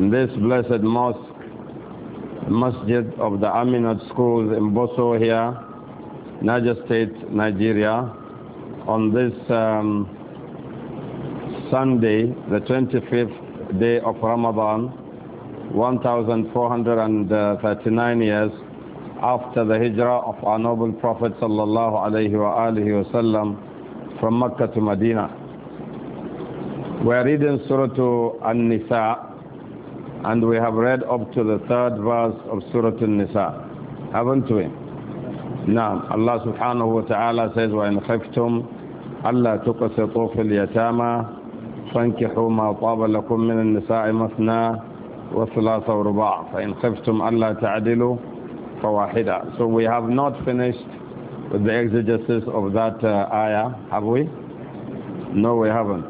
in this blessed mosque, Masjid of the Aminat Schools in Boso here, Niger State, Nigeria, on this um, Sunday, the 25th day of Ramadan, 1439 years after the hijrah of our noble Prophet sallallahu alaihi wasallam from Mecca to Medina. We are reading Surah An-Nisa, and we have read up to the third verse of Surah Al-Nisa, haven't we? Now, Allah subhanahu wa ta'ala says, وَإِنْ خِفْتُمْ أَلَّا تُقْسِطُوا فِي الْيَتَامَى فَانْكِحُوا مَا طَابَ لَكُم مِّنَ النِّسَاءِ مَثْنَى وَثُلَاثَ وَرُبَاعَ فَإِنْ خِفْتُمْ أَلَّا تَعْدِلُوا فَوَاحِدًا So we have not finished with the exegesis of that uh, ayah, have we? No, we haven't.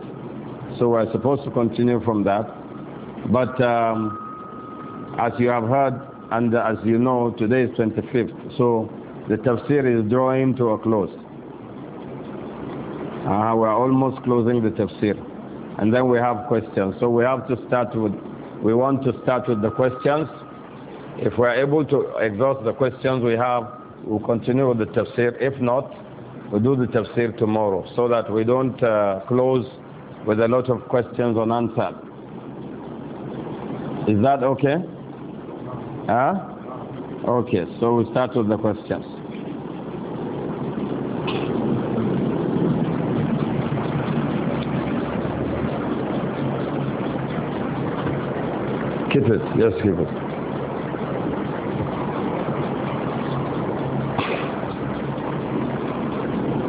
So we're supposed to continue from that. But um, as you have heard and as you know, today is 25th, so the tafsir is drawing to a close. Uh, we are almost closing the tafsir. And then we have questions. So we have to start with, we want to start with the questions. If we are able to exhaust the questions we have, we'll continue with the tafsir. If not, we'll do the tafsir tomorrow so that we don't uh, close with a lot of questions unanswered. Is that okay? Huh? Okay, so we start with the questions. Keep it, yes, keep it.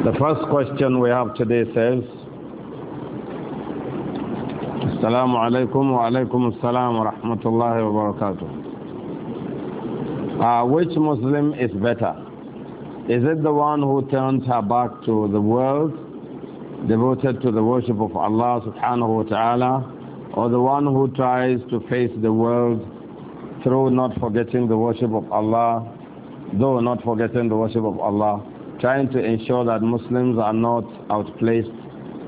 The first question we have today says, السلام عليكم وعليكم السلام ورحمة الله وبركاته. Uh, which Muslim is better? Is it the one who turns her back to the world, devoted to the worship of Allah subhanahu wa ta'ala, or the one who tries to face the world through not forgetting the worship of Allah, though not forgetting the worship of Allah, trying to ensure that Muslims are not outplaced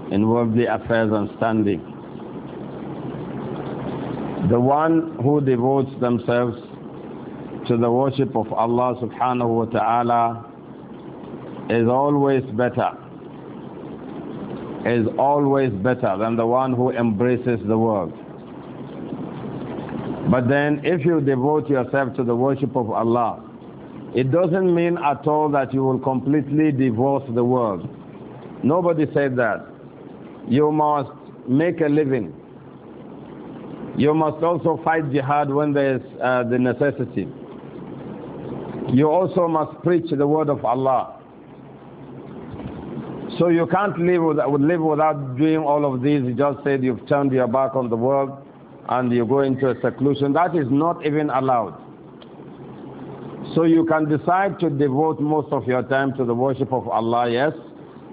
in worldly affairs and standing? The one who devotes themselves to the worship of Allah subhanahu wa ta'ala is always better. Is always better than the one who embraces the world. But then, if you devote yourself to the worship of Allah, it doesn't mean at all that you will completely divorce the world. Nobody said that. You must make a living you must also fight jihad when there is uh, the necessity. You also must preach the word of Allah. So you can't live, without, live without doing all of these. You just said you've turned your back on the world and you go into a seclusion. That is not even allowed. So you can decide to devote most of your time to the worship of Allah, yes,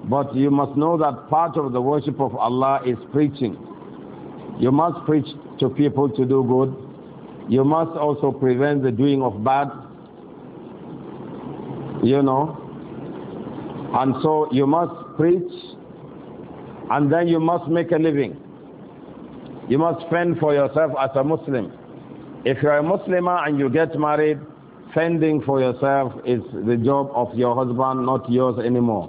but you must know that part of the worship of Allah is preaching. You must preach to people to do good. You must also prevent the doing of bad. You know. And so you must preach and then you must make a living. You must fend for yourself as a Muslim. If you're a Muslim and you get married, fending for yourself is the job of your husband, not yours anymore.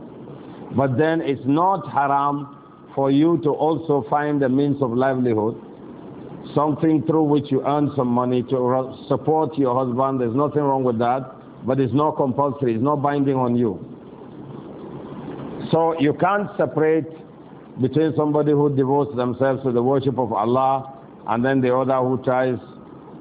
But then it's not haram for you to also find a means of livelihood, something through which you earn some money to support your husband. There's nothing wrong with that, but it's not compulsory, it's not binding on you. So you can't separate between somebody who devotes themselves to the worship of Allah and then the other who tries,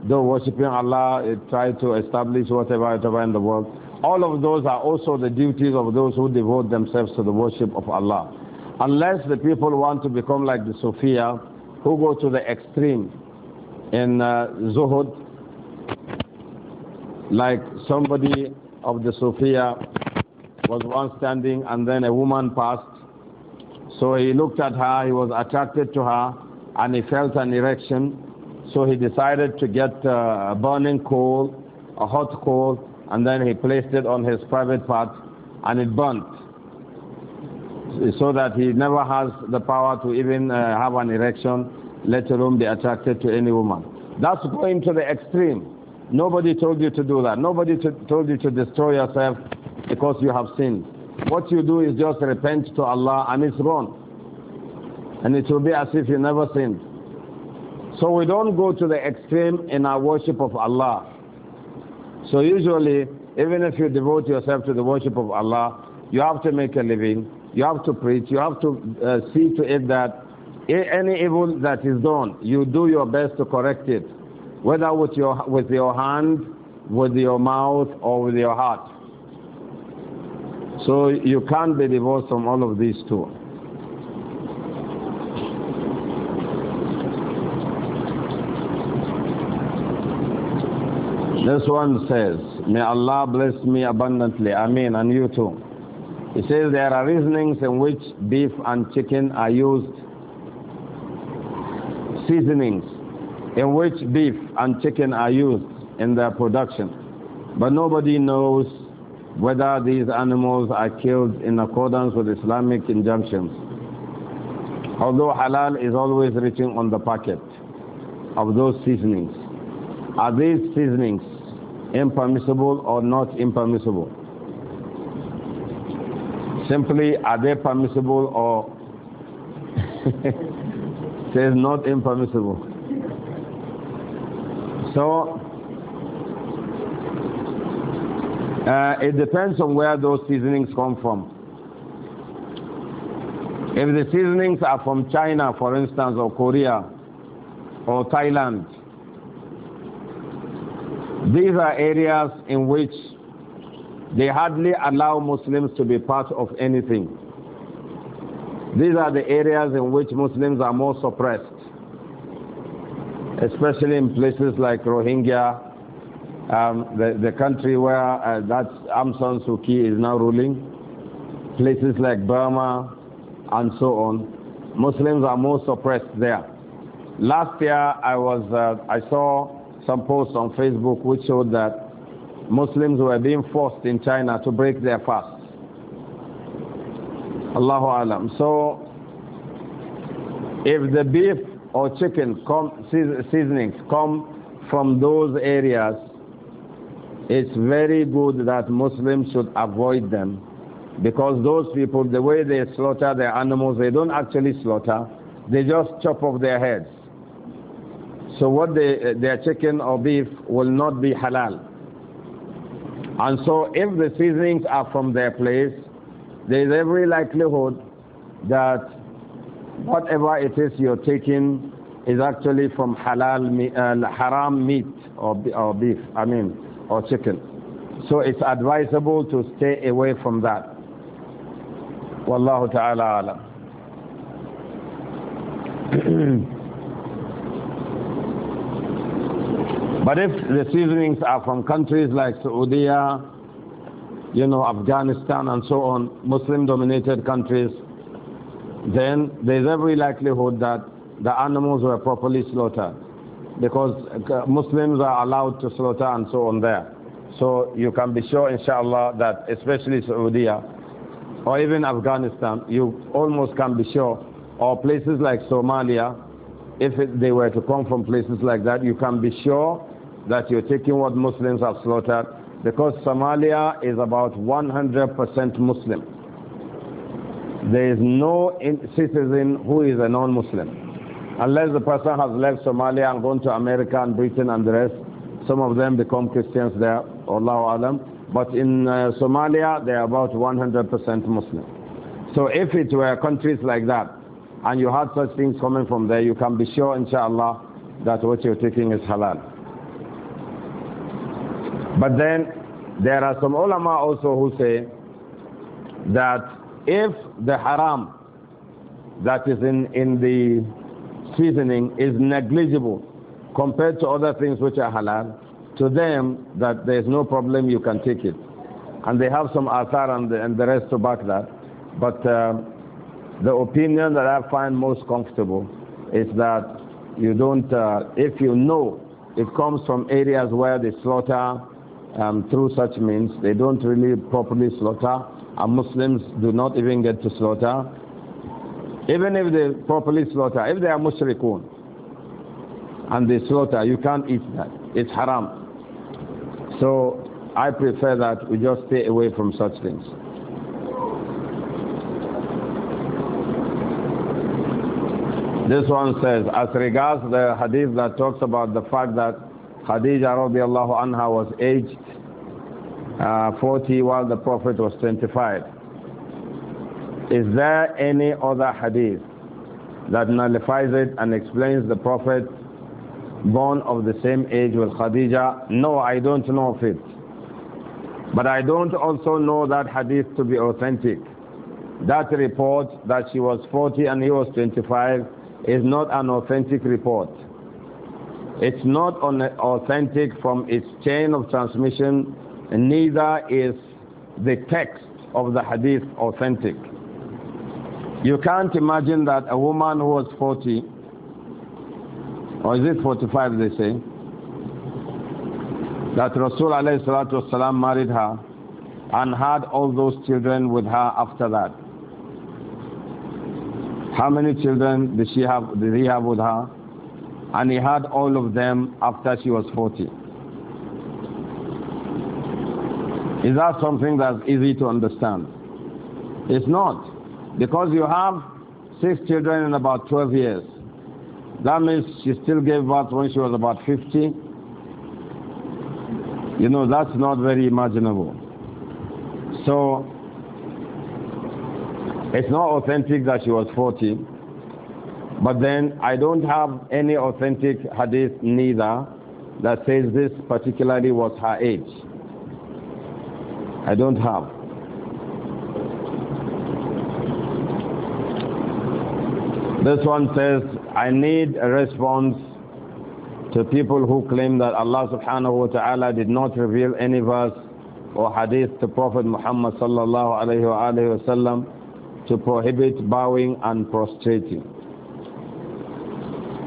though worshipping Allah, eh, try to establish whatever, whatever in the world. All of those are also the duties of those who devote themselves to the worship of Allah. Unless the people want to become like the Sophia, who go to the extreme in uh, Zuhud, like somebody of the Sophia was once standing and then a woman passed. So he looked at her, he was attracted to her, and he felt an erection. So he decided to get uh, a burning coal, a hot coal, and then he placed it on his private part, and it burnt so that he never has the power to even uh, have an erection, let alone be attracted to any woman. That's going to the extreme. Nobody told you to do that. Nobody told you to destroy yourself because you have sinned. What you do is just repent to Allah and it's wrong. And it will be as if you never sinned. So we don't go to the extreme in our worship of Allah. So usually, even if you devote yourself to the worship of Allah, you have to make a living you have to preach. You have to uh, see to it that any evil that is done, you do your best to correct it, whether with your, with your hand, with your mouth, or with your heart. So you can't be divorced from all of these two. This one says, May Allah bless me abundantly. Ameen. And you too. He says there are reasonings in which beef and chicken are used, seasonings in which beef and chicken are used in their production. But nobody knows whether these animals are killed in accordance with Islamic injunctions. Although halal is always written on the packet of those seasonings. Are these seasonings impermissible or not impermissible? Simply, are they permissible or says not impermissible? So, uh, it depends on where those seasonings come from. If the seasonings are from China, for instance, or Korea, or Thailand, these are areas in which they hardly allow Muslims to be part of anything. These are the areas in which Muslims are more suppressed, especially in places like Rohingya, um, the, the country where uh, that Aung San Suu Kyi is now ruling, places like Burma, and so on. Muslims are more suppressed there. Last year, I was uh, I saw some posts on Facebook which showed that Muslims were being forced in China to break their fast. Allahu Alam. So, if the beef or chicken seasonings come from those areas, it's very good that Muslims should avoid them because those people, the way they slaughter their animals, they don't actually slaughter, they just chop off their heads. So, what they, their chicken or beef will not be halal. And so if the seasonings are from their place, there is every likelihood that whatever it is you're taking is actually from halal, uh, haram meat or, or beef, I mean, or chicken. So it's advisable to stay away from that. Wallahu ta'ala alam. But if the seasonings are from countries like Saudi, you know, Afghanistan and so on, Muslim dominated countries, then there's every likelihood that the animals were properly slaughtered because uh, Muslims are allowed to slaughter and so on there. So you can be sure, inshallah, that especially Saudi or even Afghanistan, you almost can be sure, or places like Somalia, if it, they were to come from places like that, you can be sure that you're taking what Muslims have slaughtered because Somalia is about 100% Muslim. There is no citizen who is a non Muslim. Unless the person has left Somalia and gone to America and Britain and the rest, some of them become Christians there, Allahu Alam. But in uh, Somalia, they are about 100% Muslim. So if it were countries like that, and you had such things coming from there, you can be sure, inshallah, that what you're taking is halal. But then, there are some ulama also who say that if the haram that is in, in the seasoning is negligible compared to other things which are halal, to them that there is no problem, you can take it. And they have some athar and the, and the rest to back that. But uh, the opinion that I find most comfortable is that you don't, uh, if you know it comes from areas where they slaughter um, through such means, they don't really properly slaughter, and Muslims do not even get to slaughter. Even if they properly slaughter, if they are mushrikun and they slaughter, you can't eat that. It's haram. So I prefer that we just stay away from such things. This one says, as regards the hadith that talks about the fact that Khadija radiallahu anha was aged uh, 40 while the Prophet was 25. Is there any other hadith that nullifies it and explains the Prophet born of the same age with Khadija? No, I don't know of it. But I don't also know that hadith to be authentic. That report that she was 40 and he was 25 is not an authentic report. It's not authentic from its chain of transmission, neither is the text of the hadith authentic. You can't imagine that a woman who was 40, or is it 45 they say, that Rasul والسلام, married her and had all those children with her after that. How many children did she have did he have with her? And he had all of them after she was forty. Is that something that's easy to understand? It's not. Because you have six children in about 12 years. That means she still gave birth when she was about 50. You know, that's not very imaginable. So it's not authentic that she was 40. But then I don't have any authentic hadith neither that says this particularly was her age. I don't have. This one says, I need a response to people who claim that Allah subhanahu wa ta'ala did not reveal any verse or hadith to Prophet Muhammad sallallahu alayhi wa sallam to prohibit bowing and prostrating?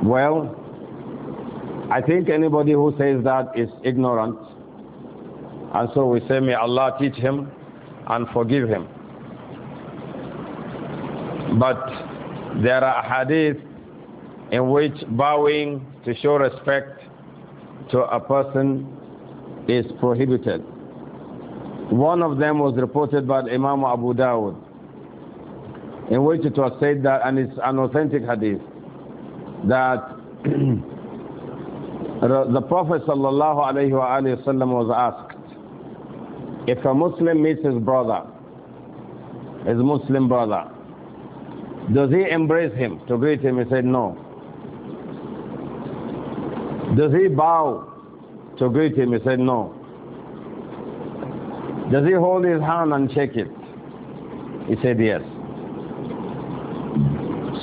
Well, I think anybody who says that is ignorant. And so we say, may Allah teach him and forgive him. But there are hadith in which bowing to show respect to a person is prohibited. One of them was reported by Imam Abu Dawud in which it was said that, and it's an authentic hadith, that the Prophet sallallahu was asked, if a Muslim meets his brother, his Muslim brother, does he embrace him to greet him? He said, no. Does he bow to greet him? He said, no. Does he hold his hand and shake it? He said, yes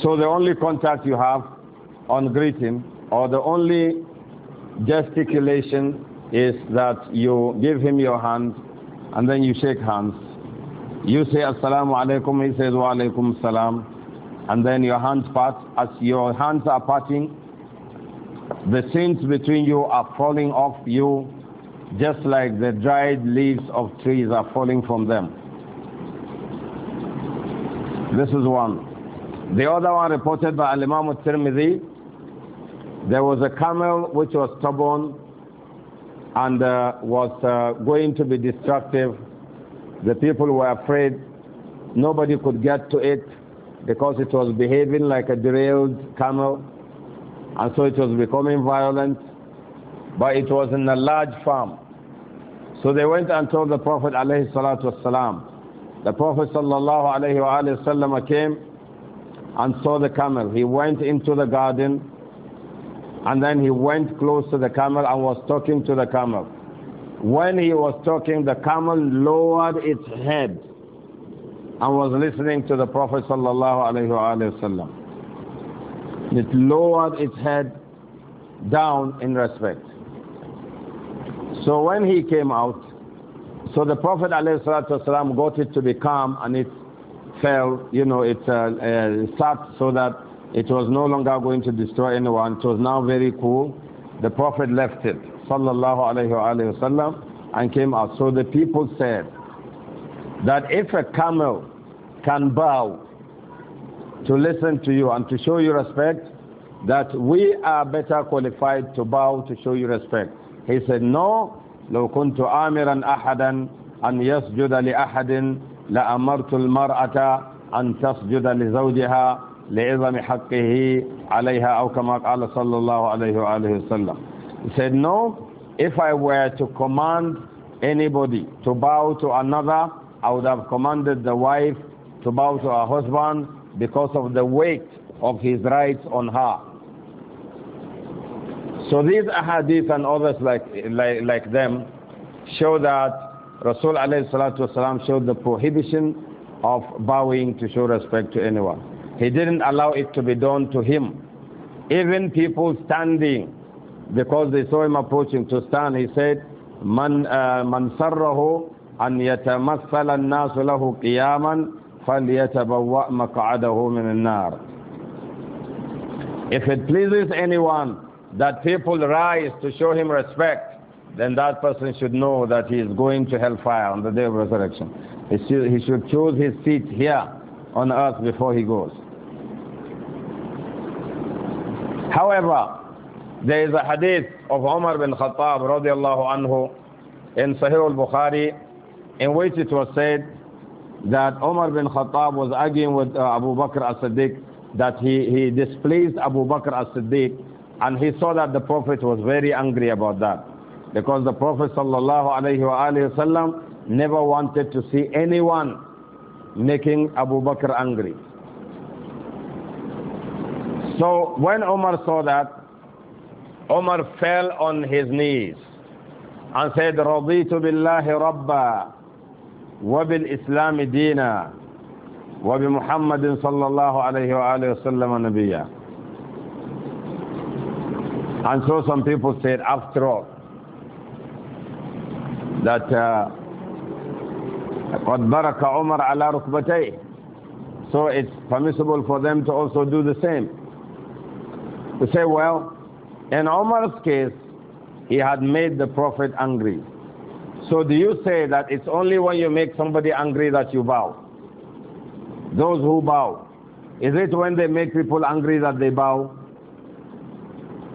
so the only contact you have on greeting or the only gesticulation is that you give him your hand and then you shake hands. You say assalamu alaikum, he says wa alaikum salam, and then your hands part. As your hands are parting, the sins between you are falling off you just like the dried leaves of trees are falling from them. This is one. The other one reported by Al Imam al-Tirmidhi, there was a camel which was stubborn and uh, was uh, going to be destructive. The people were afraid. Nobody could get to it because it was behaving like a derailed camel. And so it was becoming violent. But it was in a large farm. So they went and told the Prophet alayhi salatu The Prophet ﷺ alayhi came and saw the camel. He went into the garden and then he went close to the camel and was talking to the camel. When he was talking, the camel lowered its head and was listening to the Prophet It lowered its head down in respect. So when he came out, so the Prophet ﷺ got it to be calm and it fell, you know, it uh, uh sat so that it was no longer going to destroy anyone. It was now very cool. The Prophet left it, sallallahu alayhi wa sallam, and came out. So the people said that if a camel can bow to listen to you and to show you respect, that we are better qualified to bow to show you respect. He said, No, لو كنت آمرا أحدا أن يسجد لأحد لأمرت المرأة أن تسجد لزوجها لعظم حقه عليها أو كما قال صلى الله عليه وآله وسلم He said no if I were to command anybody to bow to another I would have commanded the wife to bow to her husband because of the weight of his rights on her so these ahadith and others like, like, like them show that Rasul والسلام, showed the prohibition of bowing to show respect to anyone. He didn't allow it to be done to him. Even people standing, because they saw him approaching to stand, he said, من, uh, من سره أن يتمثل الناس له قياما فليتبوأ مقعده If it pleases anyone that people rise to show him respect, then that person should know that he is going to hellfire on the day of resurrection. He should, he should choose his seat here on earth before he goes. However, there is a hadith of Umar bin Khattab radiallahu anhu in Sahih al-Bukhari in which it was said that Umar bin Khattab was arguing with uh, Abu Bakr as-Siddiq that he, he displeased Abu Bakr as-Siddiq and he saw that the Prophet was very angry about that. Because the Prophet ﷺ never wanted to see anyone making Abu Bakr angry. So when Omar saw that, Omar fell on his knees and said, رضيت بالله ربا وبالإسلام دينا وبمحمد صلى الله عليه وآله وسلم نبيا. And so some people said, after all, that uh, قد برك عمر على ركبتيه so it's permissible for them to also do the same to say well in Omar's case he had made the prophet angry so do you say that it's only when you make somebody angry that you bow those who bow is it when they make people angry that they bow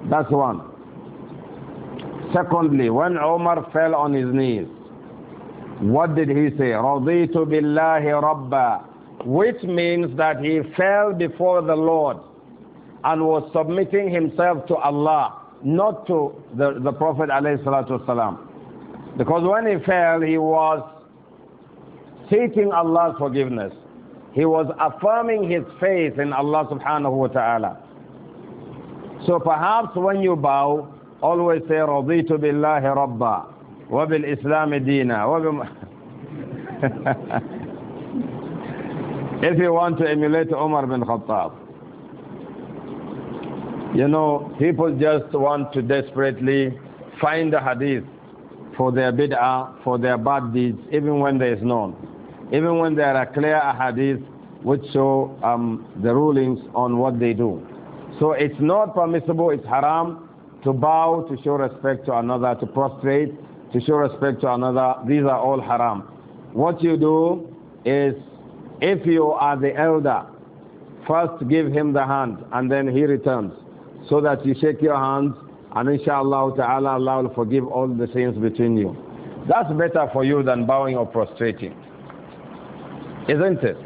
that's one Secondly, when Omar fell on his knees, what did he say? رَضِيتُ بِاللَّهِ رَبَّا Which means that he fell before the Lord and was submitting himself to Allah, not to the, the Prophet ﷺ. Because when he fell, he was seeking Allah's forgiveness. He was affirming his faith in Allah subhanahu wa ta'ala. So perhaps when you bow, always say, رضيت بالله ربا وبالإسلام Islam, Dina. if you want to emulate Umar bin Khattab. You know, people just want to desperately find the hadith for their bid'ah, for their bad deeds, even when there is none. Even when there are clear hadiths which show um, the rulings on what they do. So it's not permissible, it's haram, to bow, to show respect to another, to prostrate, to show respect to another, these are all haram. What you do is, if you are the elder, first give him the hand and then he returns, so that you shake your hands and inshallah ta'ala Allah will forgive all the sins between you. That's better for you than bowing or prostrating. Isn't it?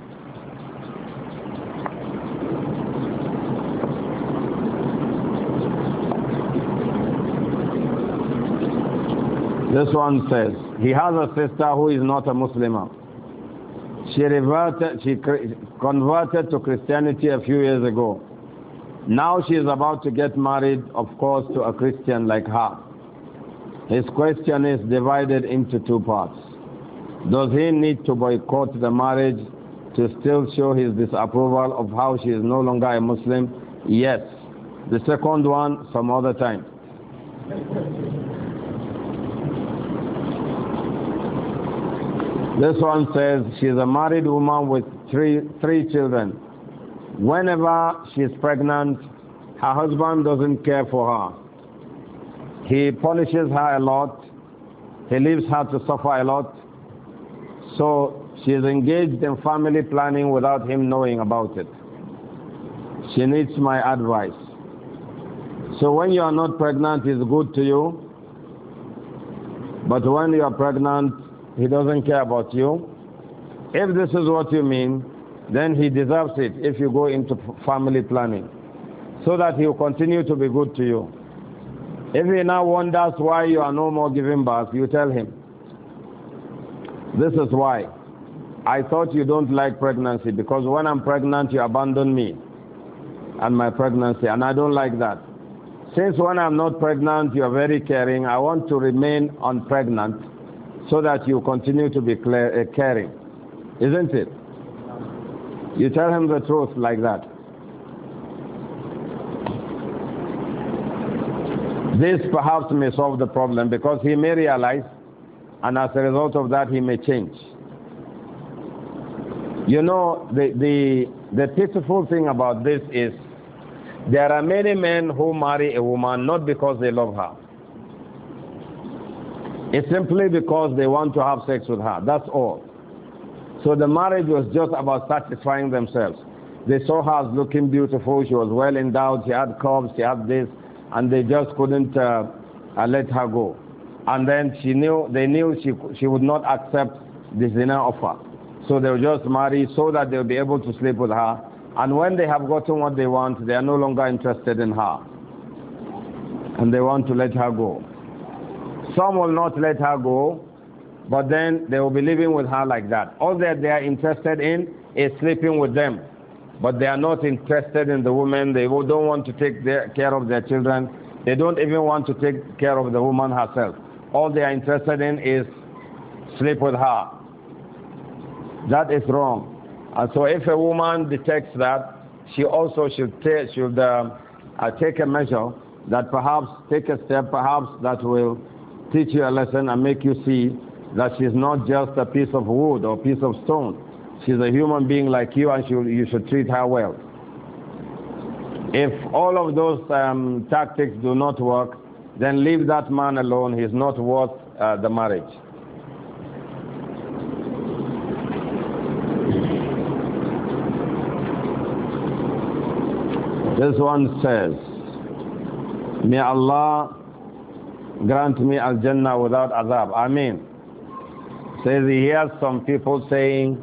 This one says, he has a sister who is not a Muslim. She reverted, she converted to Christianity a few years ago. Now she is about to get married, of course, to a Christian like her. His question is divided into two parts. Does he need to boycott the marriage to still show his disapproval of how she is no longer a Muslim? Yes. The second one, some other time. This one says she's a married woman with three, three children. Whenever she's pregnant, her husband doesn't care for her. He punishes her a lot. He leaves her to suffer a lot. So she's engaged in family planning without him knowing about it. She needs my advice. So when you are not pregnant, it's good to you. But when you are pregnant, he doesn't care about you. If this is what you mean, then he deserves it if you go into family planning so that he will continue to be good to you. If he now wonders why you are no more giving birth, you tell him, This is why. I thought you don't like pregnancy because when I'm pregnant, you abandon me and my pregnancy, and I don't like that. Since when I'm not pregnant, you are very caring. I want to remain unpregnant so that you continue to be clear, uh, caring. Isn't it? You tell him the truth like that. This perhaps may solve the problem because he may realize, and as a result of that, he may change. You know, the, the, the pitiful thing about this is there are many men who marry a woman not because they love her it's simply because they want to have sex with her. That's all. So the marriage was just about satisfying themselves. They saw her as looking beautiful. She was well endowed. She had curves. She had this. And they just couldn't uh, uh, let her go. And then she knew, they knew she, she would not accept this dinner offer. So they were just marry so that they'll be able to sleep with her. And when they have gotten what they want, they are no longer interested in her. And they want to let her go. Some will not let her go, but then they will be living with her like that. All that they are interested in is sleeping with them, but they are not interested in the woman. They don't want to take their, care of their children. They don't even want to take care of the woman herself. All they are interested in is sleep with her. That is wrong. And so if a woman detects that, she also should, ta should uh, uh, take a measure that perhaps, take a step perhaps that will teach you a lesson and make you see that she's not just a piece of wood or piece of stone. She's a human being like you and she, you should treat her well. If all of those um, tactics do not work, then leave that man alone. He's not worth uh, the marriage. This one says, May Allah grant me Al Jannah without azab. Ameen. Says he hears some people saying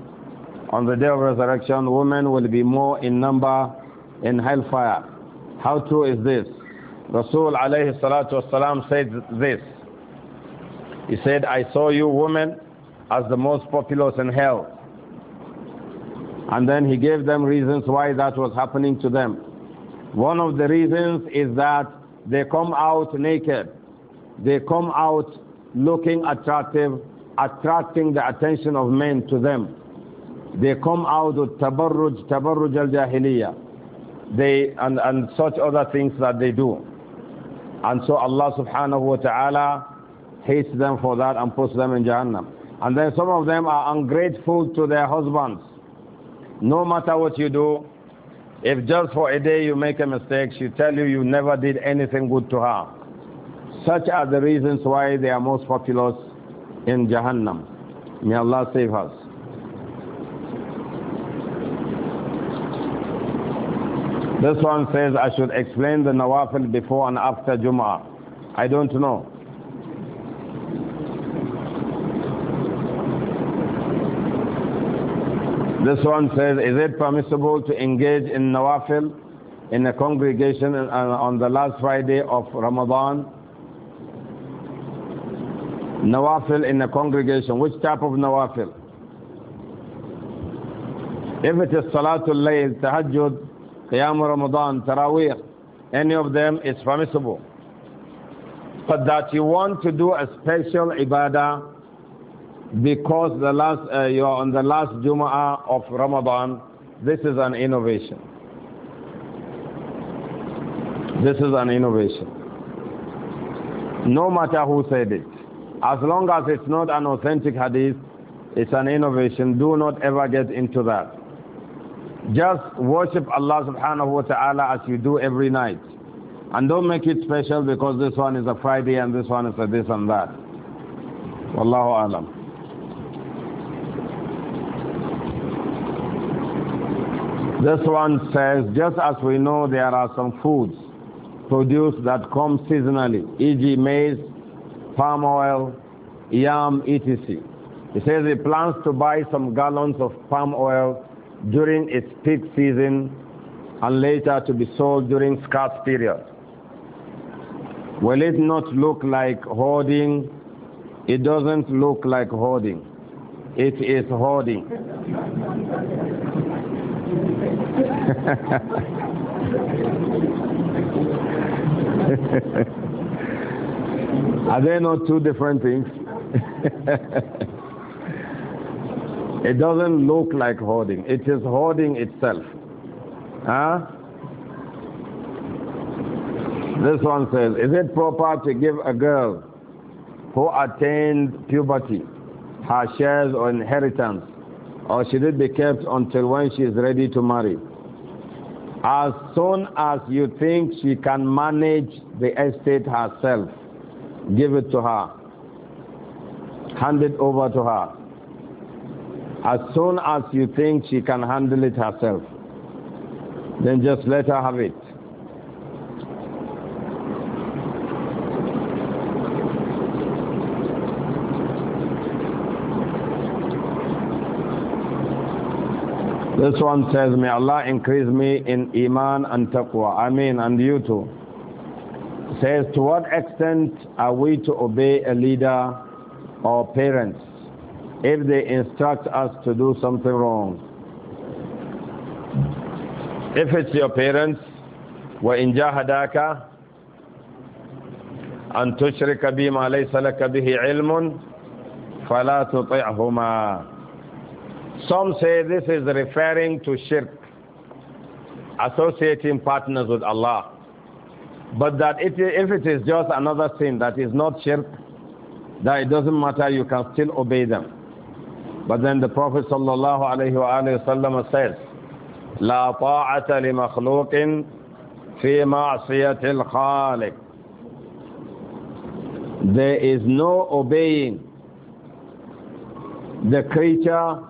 on the day of resurrection, women will be more in number in hellfire. How true is this? Rasul alayhi salatu wasalam said this. He said, I saw you women as the most populous in hell. And then he gave them reasons why that was happening to them. One of the reasons is that they come out naked. They come out looking attractive, attracting the attention of men to them. They come out with tabarruj, tabarruj al-jahiliyyah. They, and, and such other things that they do. And so Allah subhanahu wa ta'ala hates them for that and puts them in Jahannam. And then some of them are ungrateful to their husbands. No matter what you do, if just for a day you make a mistake, she tell you you never did anything good to her. Such are the reasons why they are most populous in Jahannam. May Allah save us. This one says, I should explain the Nawafil before and after Jum'ah. I don't know. This one says, is it permissible to engage in Nawafil in a congregation uh, on the last Friday of Ramadan nawafil in the congregation, which type of nawafil? If it is Salatul Layl, Tahajjud, Qiyam Ramadan, Taraweeh, any of them is permissible. But that you want to do a special ibadah because the last, uh, you are on the last Jumu'ah of Ramadan, this is an innovation. This is an innovation. No matter who said it. As long as it's not an authentic hadith, it's an innovation. Do not ever get into that. Just worship Allah subhanahu wa ta'ala as you do every night. And don't make it special because this one is a Friday and this one is a this and that. Wallahu alam. This one says, just as we know there are some foods produced that come seasonally, e.g. maize, palm oil, yam, etc. He says he plans to buy some gallons of palm oil during its peak season and later to be sold during scarce period. Will it not look like hoarding? It doesn't look like hoarding. It is hoarding. Are they not two different things? it doesn't look like hoarding. It is hoarding itself. Huh? This one says, is it proper to give a girl who attains puberty her shares or inheritance, or should it be kept until when she is ready to marry? As soon as you think she can manage the estate herself, give it to her. Hand it over to her. As soon as you think she can handle it herself, then just let her have it. This one says, May Allah increase me in Iman and Taqwa. I mean, and you too says, To what extent are we to obey a leader or parents if they instruct us to do something wrong? If it's your parents, وإن جاهداك أن تشرك بما ليس لك به علم فلا تطعهما Some say this is referring to shirk, associating partners with Allah. But that it, if it is just another sin that is not shirk, that it doesn't matter, you can still obey them. But then the Prophet sallallahu alayhi wa says, لا طاعة لمخلوق في معصية الخالق There is no obeying the creature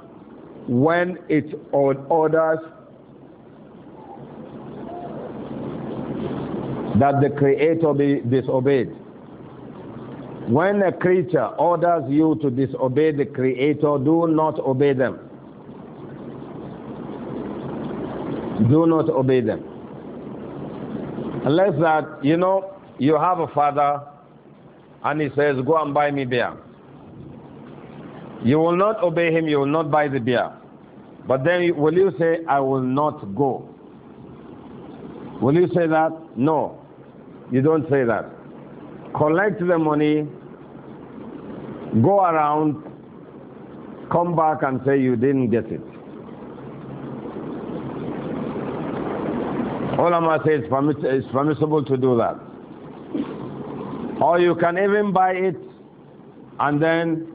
when it orders that the Creator be disobeyed. When a creature orders you to disobey the Creator, do not obey them. Do not obey them. Unless that, you know, you have a father and he says, Go and buy me beer. You will not obey him, you will not buy the beer. But then will you say, I will not go? Will you say that? No. You don't say that. Collect the money, go around, come back and say you didn't get it. Ulama says it's, permiss it's permissible to do that. Or you can even buy it and then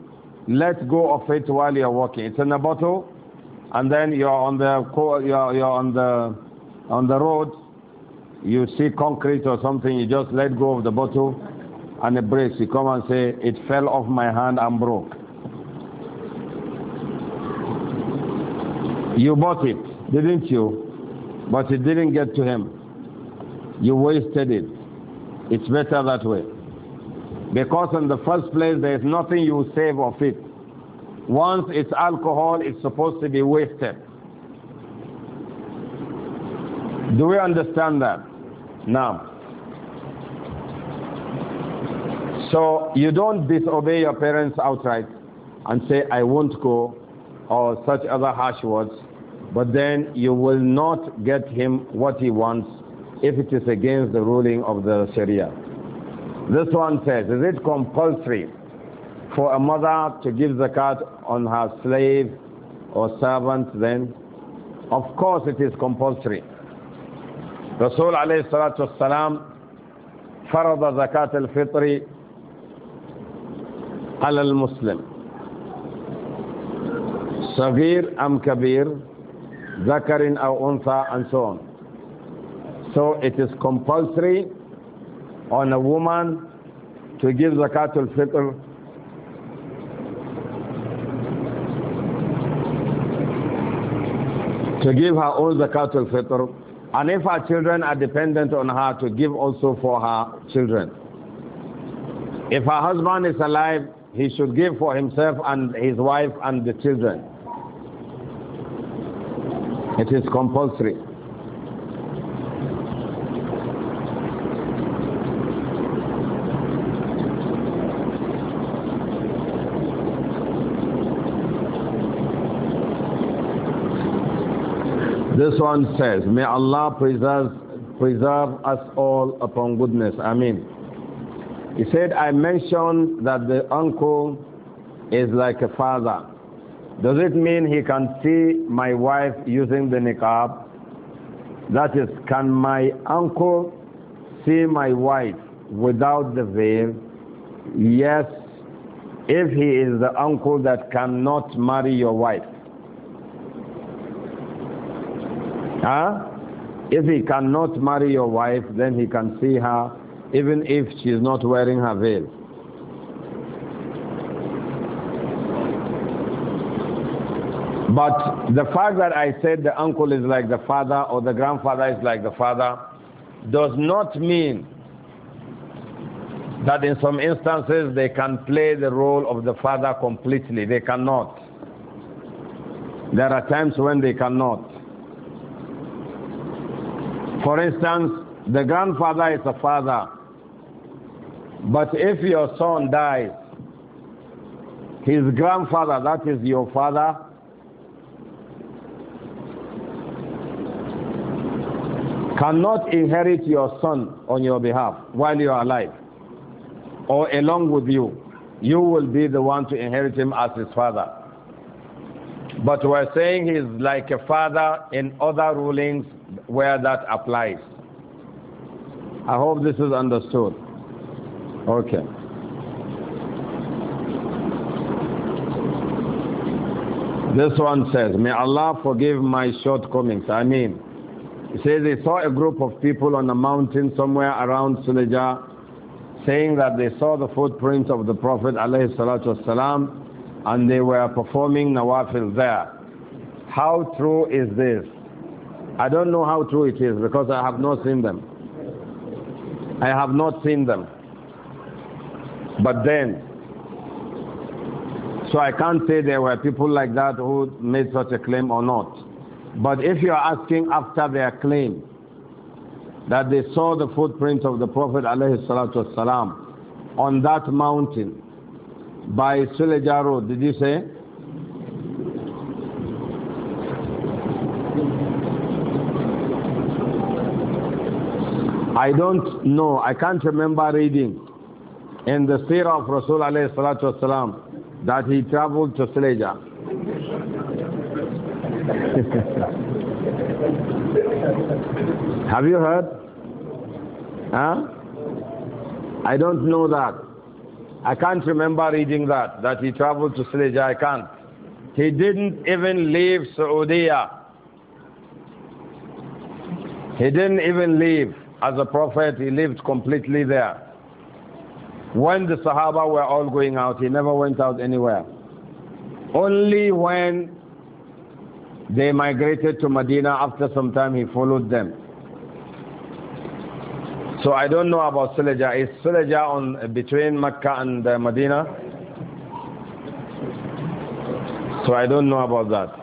let go of it while you're walking. It's in a bottle, and then you're on the you're, you're on the on the road, you see concrete or something, you just let go of the bottle and it breaks. You come and say, It fell off my hand and broke. You bought it, didn't you? But it didn't get to him. You wasted it. It's better that way. Because in the first place, there is nothing you save of it. Once it's alcohol, it's supposed to be wasted. Do we understand that? Now, so you don't disobey your parents outright and say, I won't go, or such other harsh words, but then you will not get him what he wants if it is against the ruling of the Sharia. This one says, is it compulsory for a mother to give zakat on her slave or servant then? Of course it is compulsory. رسول عليه الصلاة والسلام فرض زكاة الفطر على المسلم صغير أم كبير ذكر أو أنثى and so on so it is compulsory on a woman to give زكاة الفطر to give her own zakatul الفطر And if her children are dependent on her, to give also for her children. If her husband is alive, he should give for himself and his wife and the children. It is compulsory. This one says, May Allah preserve, preserve us all upon goodness. Ameen. He said, I mentioned that the uncle is like a father. Does it mean he can see my wife using the niqab? That is, can my uncle see my wife without the veil? Yes, if he is the uncle that cannot marry your wife. Huh? If he cannot marry your wife, then he can see her even if she is not wearing her veil. But the fact that I said the uncle is like the father or the grandfather is like the father does not mean that in some instances they can play the role of the father completely. They cannot. There are times when they cannot. For instance, the grandfather is a father, but if your son dies, his grandfather, that is your father, cannot inherit your son on your behalf while you are alive or along with you. You will be the one to inherit him as his father. But we're saying he's like a father in other rulings where that applies. I hope this is understood. Okay. This one says, May Allah forgive my shortcomings. I mean, he says he saw a group of people on a mountain somewhere around Suleja saying that they saw the footprints of the Prophet ﷺ and they were performing nawafil there. How true is this? I don't know how true it is because I have not seen them. I have not seen them. But then, so I can't say there were people like that who made such a claim or not. But if you are asking after their claim, that they saw the footprint of the Prophet والسلام, on that mountain, by Suleja did you say? I don't know, I can't remember reading in the seerah of Rasul alayhi salatu that he traveled to Sileja. Have you heard? Huh? I don't know that. I can't remember reading that, that he traveled to Silesia. I can't. He didn't even leave Saudi. He didn't even leave as a prophet. He lived completely there. When the Sahaba were all going out, he never went out anywhere. Only when they migrated to Medina after some time, he followed them. So I don't know about Suleja. Is Suleja on uh, between Mecca and uh, Medina? So I don't know about that.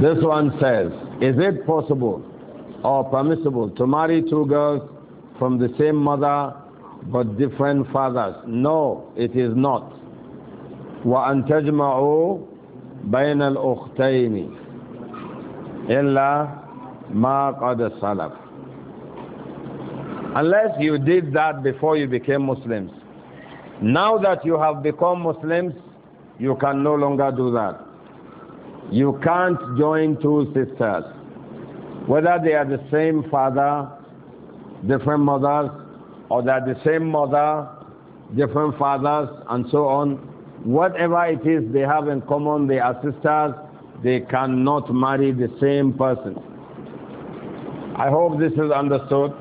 This one says, is it possible or permissible to marry two girls from the same mother but different fathers. No, it is not. وأن تجمعوا بين الأختين إلا ما قد سلف. Unless you did that before you became Muslims. Now that you have become Muslims, you can no longer do that. You can't join two sisters. Whether they are the same father, different mothers, or that the same mother, different fathers, and so on, whatever it is they have in common, they are sisters, they cannot marry the same person. I hope this is understood.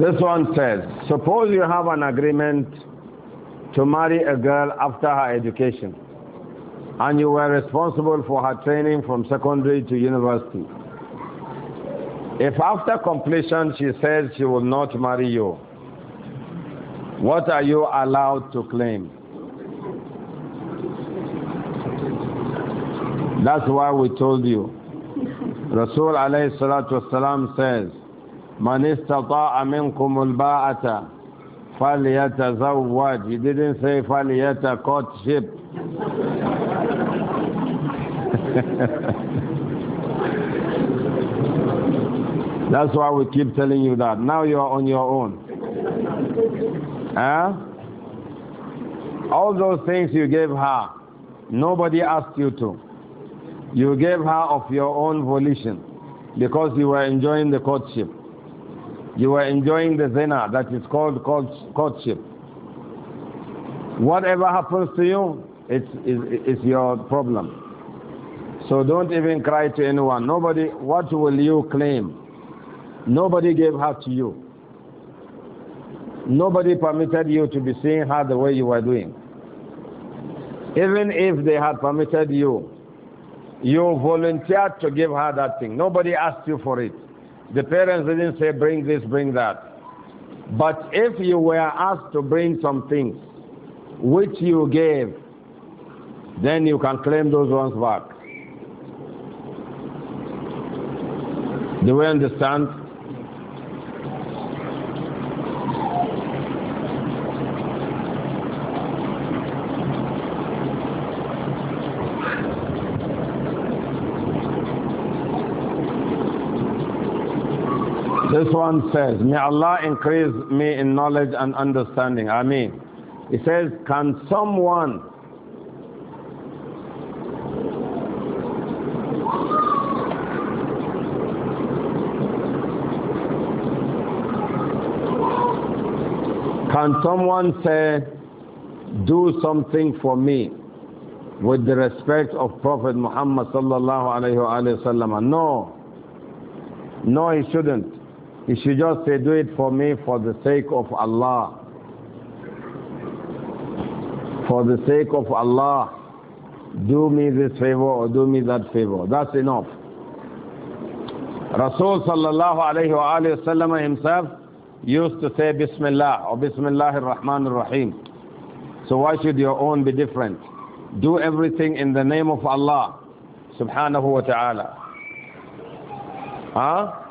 This one says, suppose you have an agreement to marry a girl after her education and you were responsible for her training from secondary to university. If after completion she says she will not marry you, what are you allowed to claim? That's why we told you. Rasul alayhi salatu wasalam says, Man istata'a minkum al-ba'ata falyatazawwaj. He didn't say falyata courtship. That's why we keep telling you that. Now you are on your own. All those things you gave her, nobody asked you to. You gave her of your own volition because you were enjoying the courtship. You were enjoying the zina that is called courtship. Whatever happens to you, it's, it's, it's your problem. So don't even cry to anyone. Nobody, what will you claim? Nobody gave her to you. Nobody permitted you to be seeing her the way you were doing. Even if they had permitted you, you volunteered to give her that thing. Nobody asked you for it. The parents didn't say, bring this, bring that. But if you were asked to bring some things which you gave, then you can claim those ones back. Do we understand? This one says, May Allah increase me in knowledge and understanding. I mean, He says, Can someone when someone said, do something for me with the respect of Prophet Muhammad sallallahu alayhi wa sallam. No, no he shouldn't. He should just say, do it for me for the sake of Allah. For the sake of Allah, do me this favor or do me that favor. That's enough. Rasul sallallahu alayhi wa sallam himself used to say Bismillah or Bismillah ar-Rahman rahim So why should your own be different? Do everything in the name of Allah subhanahu wa ta'ala. Huh?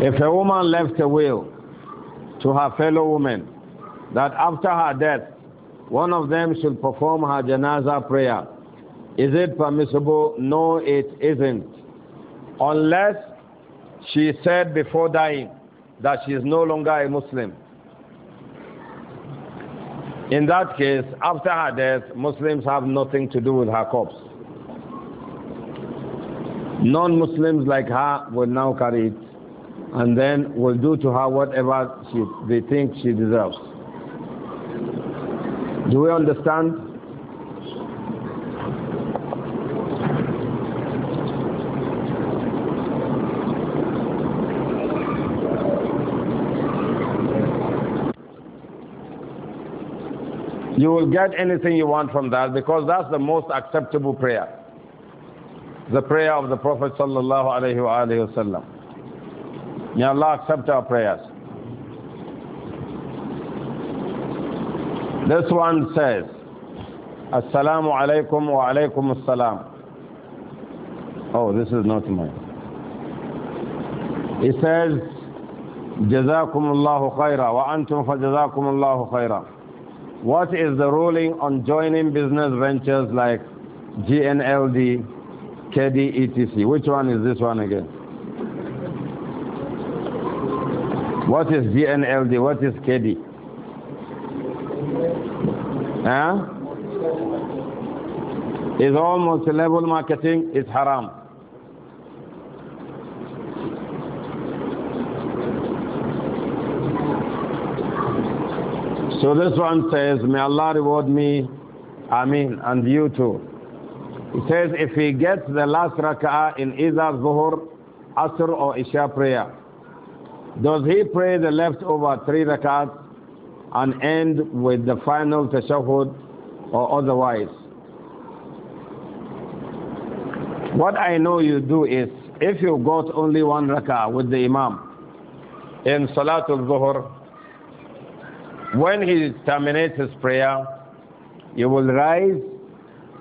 If a woman left a will to her fellow women that after her death, one of them should perform her janaza prayer. Is it permissible? No, it isn't. Unless she said before dying that she is no longer a Muslim. In that case, after her death, Muslims have nothing to do with her corpse. Non Muslims like her will now carry it and then will do to her whatever she, they think she deserves. Do we understand? You will get anything you want from that because that's the most acceptable prayer. The prayer of the Prophet sallallahu alaihi wasallam. May Allah accept our prayers. This one says, Assalamu alaikum wa alaikum assalam. Oh, this is not mine. He says, جزاكم الله خيرا وأنتم فجزاكم الله خيرا. What is the ruling on joining business ventures like GNLD, KD, etc.? Which one is this one again? What is DNLD? What is KD? Huh? It's all level marketing It's haram. So this one says, May Allah reward me, Amin, and you too. He says, if he gets the last raka'ah in either Zuhur, Asr or Isha prayer, does he pray the leftover three rakats and end with the final tashahud or otherwise? What I know you do is, if you got only one rakah with the imam in Salatul Zuhur, when he terminates his prayer, you will rise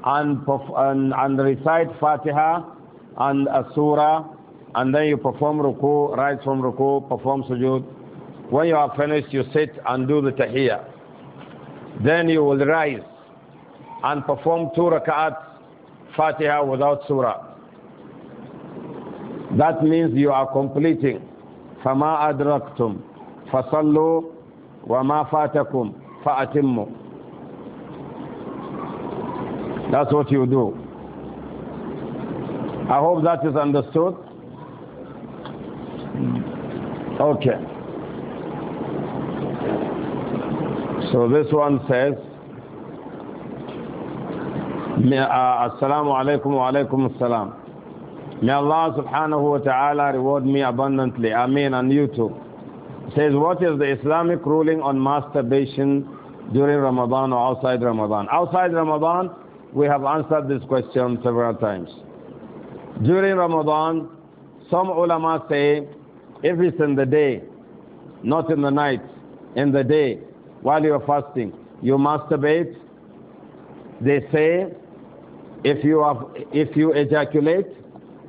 and, and, and recite Fatiha and a surah and then you perform ruku, rise from ruku, perform sujud. When you are finished, you sit and do the tahiyyah. Then you will rise and perform two rak'at Fatiha without surah. That means you are completing. فَمَا أَدْرَكْتُمْ فَصَلُّوا وَمَا فَاتَكُمْ فَأَتِمُّوا That's what you do. I hope that is understood. Okay. So this one says, uh, Assalamu alaikum wa alaikum assalam. May Allah subhanahu wa ta'ala reward me abundantly. Ameen. on you too. Says, what is the Islamic ruling on masturbation during Ramadan or outside Ramadan? Outside Ramadan, we have answered this question several times. During Ramadan, some ulama say if it's in the day, not in the night, in the day, while you're fasting, you masturbate, they say if you, have, if you ejaculate,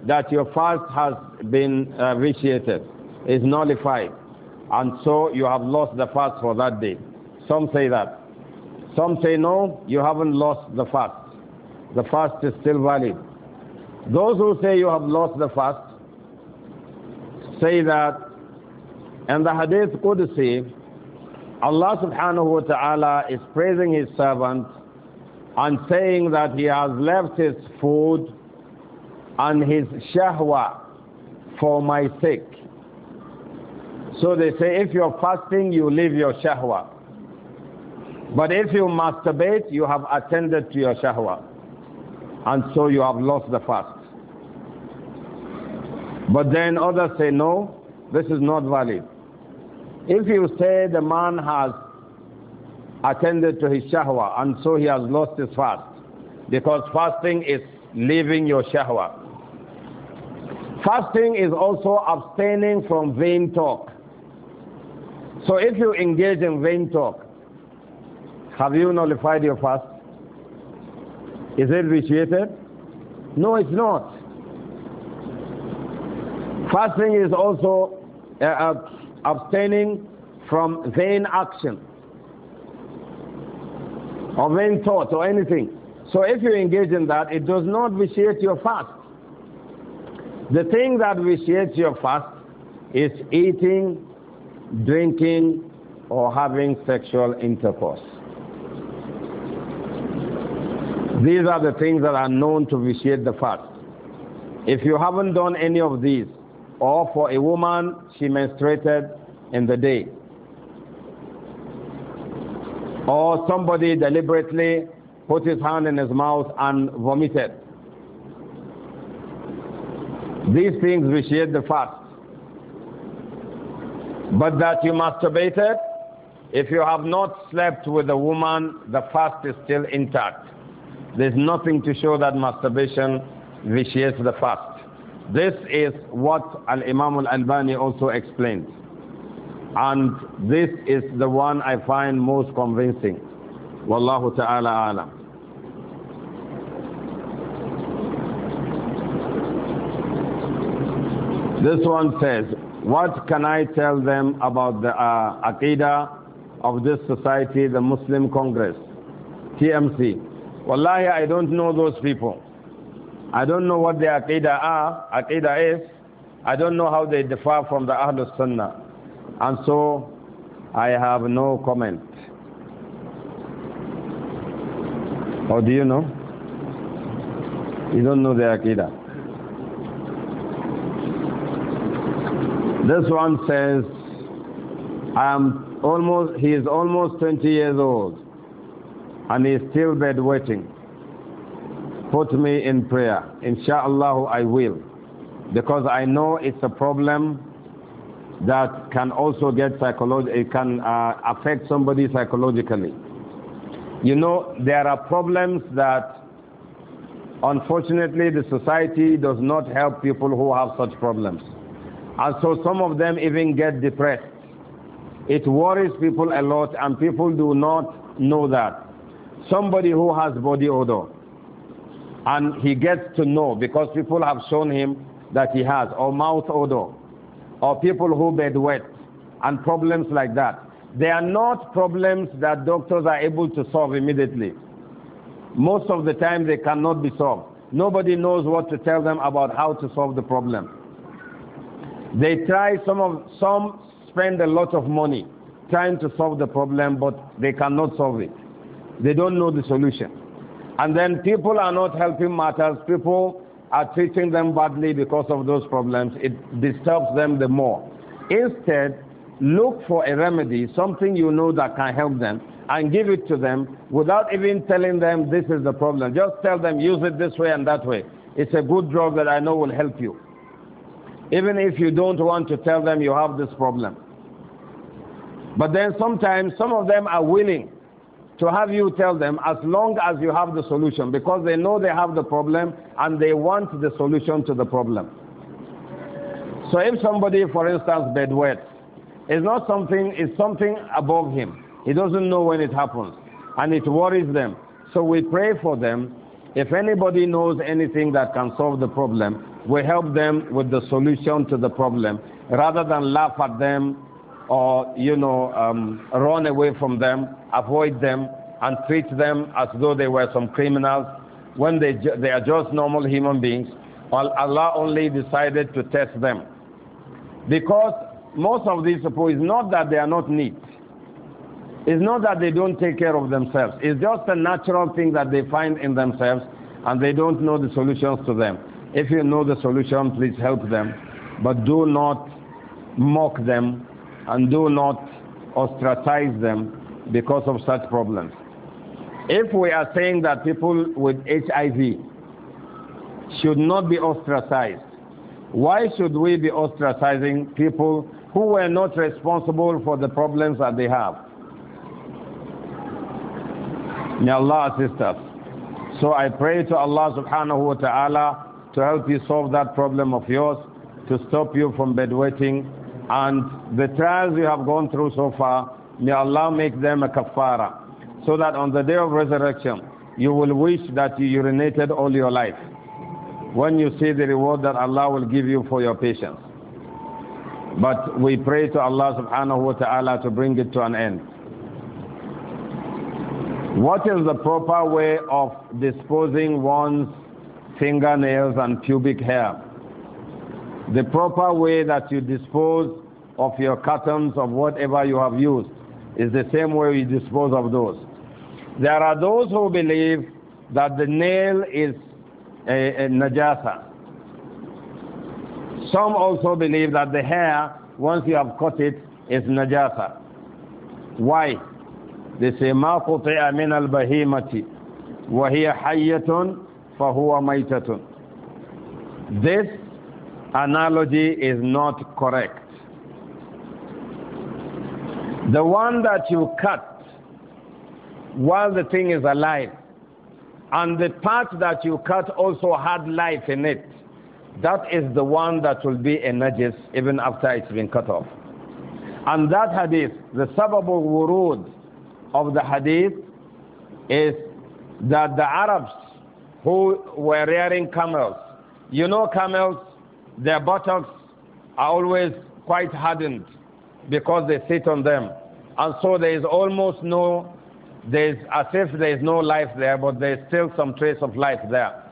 that your fast has been uh, vitiated, is nullified. And so you have lost the fast for that day. Some say that. Some say no, you haven't lost the fast. The fast is still valid. Those who say you have lost the fast, say that in the Hadith Qudsi, Allah subhanahu wa ta'ala is praising His servant and saying that He has left His food and His shahwa for my sake. So they say, if you're fasting, you leave your shahwa. But if you masturbate, you have attended to your shahwa. And so you have lost the fast. But then others say, no, this is not valid. If you say the man has attended to his shahwa and so he has lost his fast, because fasting is leaving your shahwa. Fasting is also abstaining from vain talk. So if you engage in vain talk, have you nullified your fast? Is it vitiated? No, it's not. Fasting is also uh, abstaining from vain action or vain thought or anything. So if you engage in that, it does not vitiate your fast. The thing that vitiates your fast is eating, drinking, or having sexual intercourse. These are the things that are known to vitiate the fast. If you haven't done any of these, or for a woman, she menstruated in the day. Or somebody deliberately put his hand in his mouth and vomited. These things vitiate the fast. But that you masturbated, if you have not slept with a woman, the fast is still intact. There's nothing to show that masturbation vitiates the fast. This is what Al-Imam Al-Albani also explained, And this is the one I find most convincing. Wallahu ta'ala Ala. This one says, what can I tell them about the uh, Aqidah of this society, the Muslim Congress, TMC? Wallahi, I don't know those people. I don't know what their aqidah are, aqidah is. I don't know how they differ from the Ahlul Sunnah. And so I have no comment. Or do you know? You don't know the Aqidah. This one says, I am almost, he is almost 20 years old and he is still bedwetting put me in prayer. Insha'Allah, I will. Because I know it's a problem that can also get psychological, it can uh, affect somebody psychologically. You know, there are problems that unfortunately the society does not help people who have such problems. And so some of them even get depressed. It worries people a lot, and people do not know that. Somebody who has body odor, and he gets to know because people have shown him that he has, or mouth odor, or people who bed wet, and problems like that. They are not problems that doctors are able to solve immediately. Most of the time, they cannot be solved. Nobody knows what to tell them about how to solve the problem. They try, some, of, some spend a lot of money trying to solve the problem, but they cannot solve it. They don't know the solution. And then people are not helping matters. People are treating them badly because of those problems. It disturbs them the more. Instead, look for a remedy, something you know that can help them, and give it to them without even telling them this is the problem. Just tell them use it this way and that way. It's a good drug that I know will help you. Even if you don't want to tell them you have this problem. But then sometimes some of them are willing to have you tell them as long as you have the solution because they know they have the problem and they want the solution to the problem. So if somebody, for instance, bedwet, it's not something, it's something above him. He doesn't know when it happens and it worries them. So we pray for them. If anybody knows anything that can solve the problem, we help them with the solution to the problem rather than laugh at them or, you know, um, run away from them, avoid them, and treat them as though they were some criminals when they, they are just normal human beings. Allah only decided to test them. Because most of these people, is not that they are not neat. It's not that they don't take care of themselves. It's just a natural thing that they find in themselves and they don't know the solutions to them. If you know the solution, please help them. But do not mock them and do not ostracize them because of such problems. If we are saying that people with HIV should not be ostracized, why should we be ostracizing people who were not responsible for the problems that they have? May Allah assist us. So I pray to Allah subhanahu wa ta'ala to help you solve that problem of yours, to stop you from bedwetting and the trials you have gone through so far, may Allah make them a kafara. So that on the day of resurrection, you will wish that you urinated all your life. When you see the reward that Allah will give you for your patience. But we pray to Allah subhanahu wa ta'ala to bring it to an end. What is the proper way of disposing one's fingernails and pubic hair? the proper way that you dispose of your cartons of whatever you have used is the same way you dispose of those. There are those who believe that the nail is a, a najasa. Some also believe that the hair, once you have cut it, is najasa. Why? They say, ما قطع من البهيمة وهي حية فهو ميتة. This analogy is not correct. The one that you cut while the thing is alive, and the part that you cut also had life in it, that is the one that will be a even after it's been cut off. And that hadith, the sababul wurud of the hadith is that the Arabs who were rearing camels, you know camels their buttocks are always quite hardened because they sit on them. And so there is almost no, there is, as if there is no life there, but there is still some trace of life there.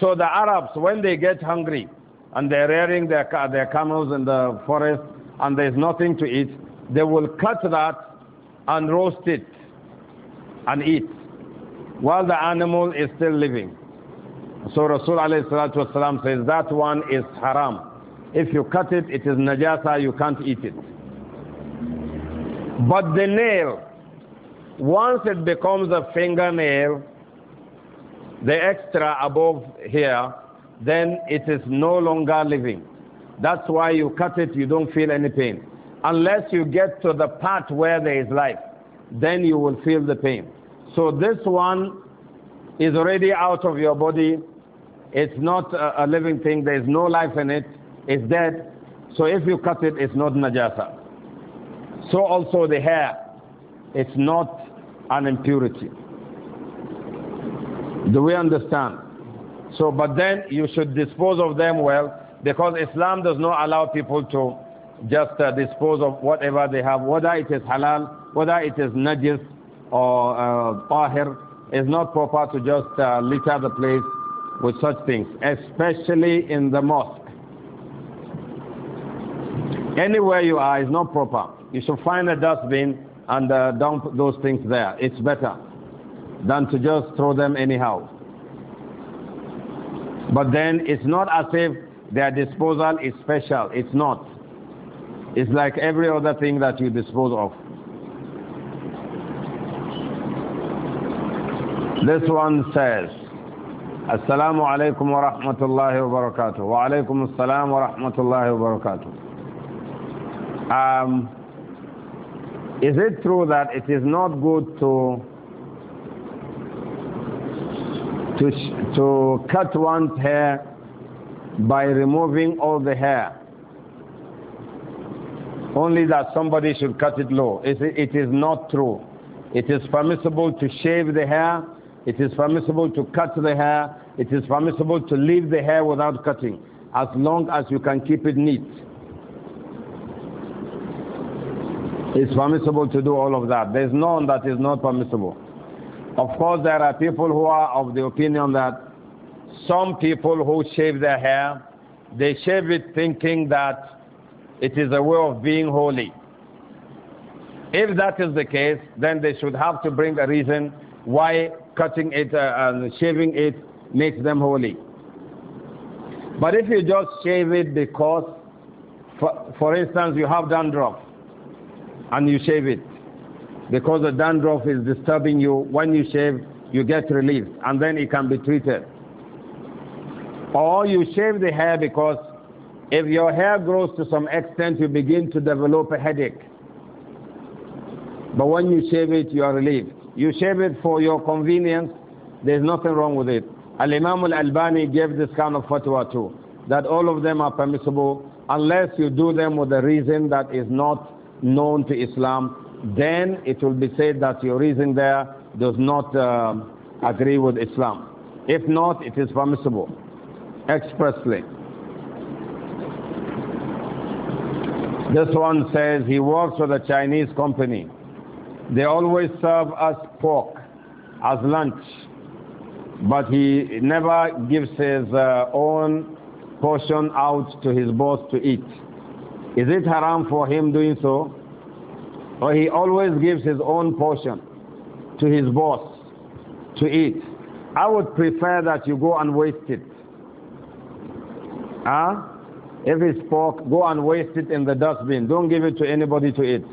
So the Arabs, when they get hungry and they're rearing their, their camels in the forest and there's nothing to eat, they will cut that and roast it and eat while the animal is still living. So Rasulullah والسلام, says that one is haram. If you cut it, it is najasa, you can't eat it. But the nail, once it becomes a fingernail, the extra above here, then it is no longer living. That's why you cut it, you don't feel any pain. Unless you get to the part where there is life, then you will feel the pain. So this one is already out of your body it's not a, a living thing. There is no life in it. It's dead. So if you cut it, it's not najasa. So also the hair. It's not an impurity. Do we understand? So, but then you should dispose of them well because Islam does not allow people to just uh, dispose of whatever they have, whether it is halal, whether it is najis or uh, tahir. It's not proper to just uh, litter the place with such things, especially in the mosque. Anywhere you are is not proper. You should find a dustbin and uh, dump those things there. It's better than to just throw them anyhow. But then it's not as if their disposal is special. It's not. It's like every other thing that you dispose of. This one says, السلام عليكم ورحمة الله وبركاته وعليكم السلام ورحمة الله وبركاته um, Is it true that it is not good to to, to cut one's hair by removing all the hair only that somebody should cut it low. it is not true. It is permissible to shave the hair it is permissible to cut the hair. It is permissible to leave the hair without cutting, as long as you can keep it neat. It's permissible to do all of that. There's none that is not permissible. Of course, there are people who are of the opinion that some people who shave their hair, they shave it thinking that it is a way of being holy. If that is the case, then they should have to bring a reason why cutting it uh, and shaving it makes them holy. But if you just shave it because, for, for instance, you have dandruff and you shave it because the dandruff is disturbing you, when you shave, you get relief and then it can be treated. Or you shave the hair because if your hair grows to some extent, you begin to develop a headache. But when you shave it, you are relieved. You shave it for your convenience. There's nothing wrong with it. Al-Imam al-Albani gave this kind of fatwa too, that all of them are permissible unless you do them with a reason that is not known to Islam. Then it will be said that your reason there does not uh, agree with Islam. If not, it is permissible expressly. This one says he works for the Chinese company. They always serve us pork as lunch, but he never gives his uh, own portion out to his boss to eat. Is it haram for him doing so? Or he always gives his own portion to his boss to eat? I would prefer that you go and waste it. Huh? If it's pork, go and waste it in the dustbin. Don't give it to anybody to eat.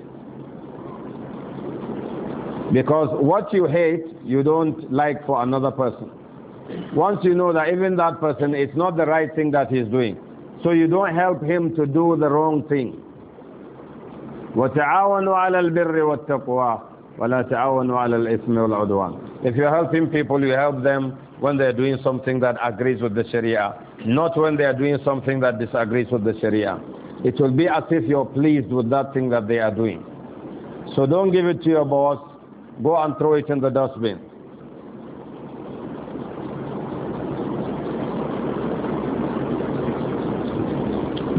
Because what you hate, you don't like for another person. Once you know that even that person, it's not the right thing that he's doing. So you don't help him to do the wrong thing. If you're helping people, you help them when they're doing something that agrees with the Sharia, not when they are doing something that disagrees with the Sharia. It will be as if you're pleased with that thing that they are doing. So don't give it to your boss Go and throw it in the dustbin.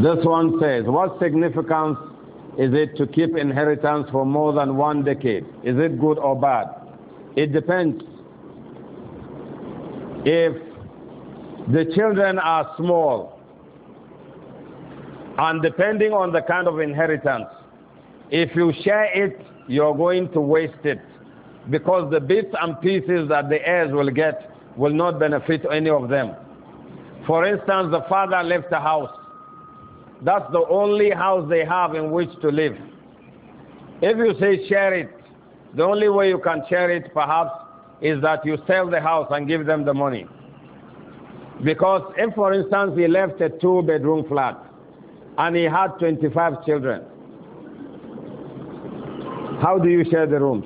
This one says, what significance is it to keep inheritance for more than one decade? Is it good or bad? It depends. If the children are small, and depending on the kind of inheritance, if you share it, you're going to waste it because the bits and pieces that the heirs will get will not benefit any of them. For instance, the father left a house. That's the only house they have in which to live. If you say share it, the only way you can share it perhaps is that you sell the house and give them the money. Because if, for instance, he left a two bedroom flat and he had 25 children, how do you share the rooms?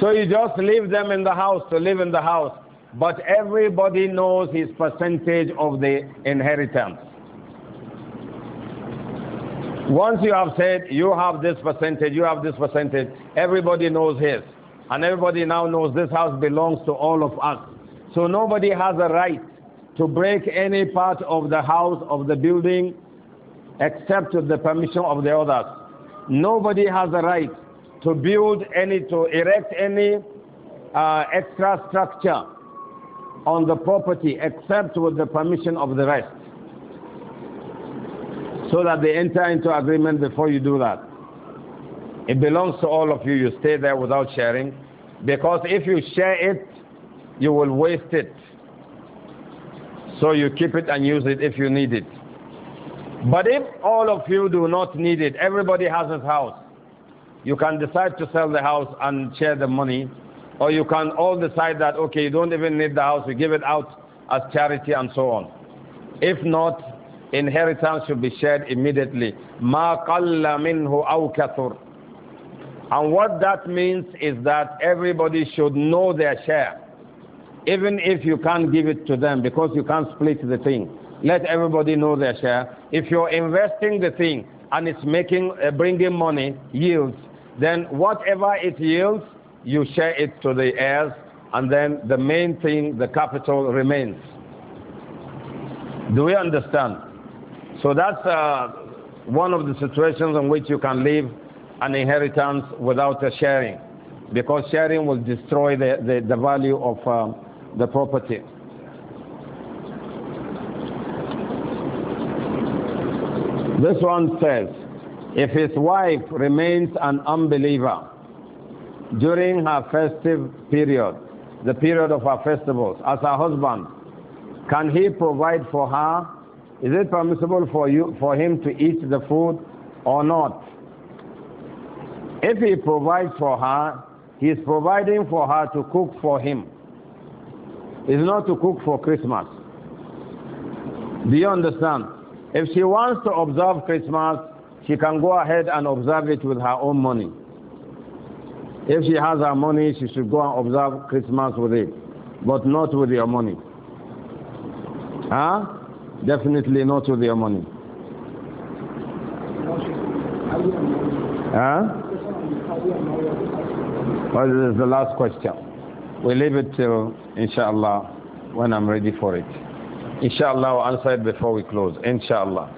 so you just leave them in the house to live in the house. But everybody knows his percentage of the inheritance. Once you have said, you have this percentage, you have this percentage, everybody knows his. And everybody now knows this house belongs to all of us. So nobody has a right to break any part of the house, of the building, except with the permission of the others. Nobody has a right to build any, to erect any uh, extra structure on the property except with the permission of the rest. So that they enter into agreement before you do that. It belongs to all of you. You stay there without sharing. Because if you share it, you will waste it. So you keep it and use it if you need it. But if all of you do not need it, everybody has his house you can decide to sell the house and share the money, or you can all decide that, okay, you don't even need the house, we give it out as charity and so on. If not, inheritance should be shared immediately. مَا minhu مِنْهُ And what that means is that everybody should know their share, even if you can't give it to them because you can't split the thing. Let everybody know their share. If you're investing the thing and it's making, uh, bringing money, yields, then whatever it yields, you share it to the heirs, and then the main thing, the capital, remains. Do we understand? So that's uh, one of the situations in which you can leave an inheritance without a sharing, because sharing will destroy the, the, the value of um, the property. This one says, if his wife remains an unbeliever during her festive period, the period of her festivals, as her husband, can he provide for her? Is it permissible for, you, for him to eat the food or not? If he provides for her, he is providing for her to cook for him. It's not to cook for Christmas. Do you understand? If she wants to observe Christmas, she can go ahead and observe it with her own money. If she has her money, she should go and observe Christmas with it, but not with your money. Huh? Definitely not with your money. Huh? Well, this is the last question. We leave it till, inshallah, when I'm ready for it. Inshallah, I'll answer it before we close. Inshallah.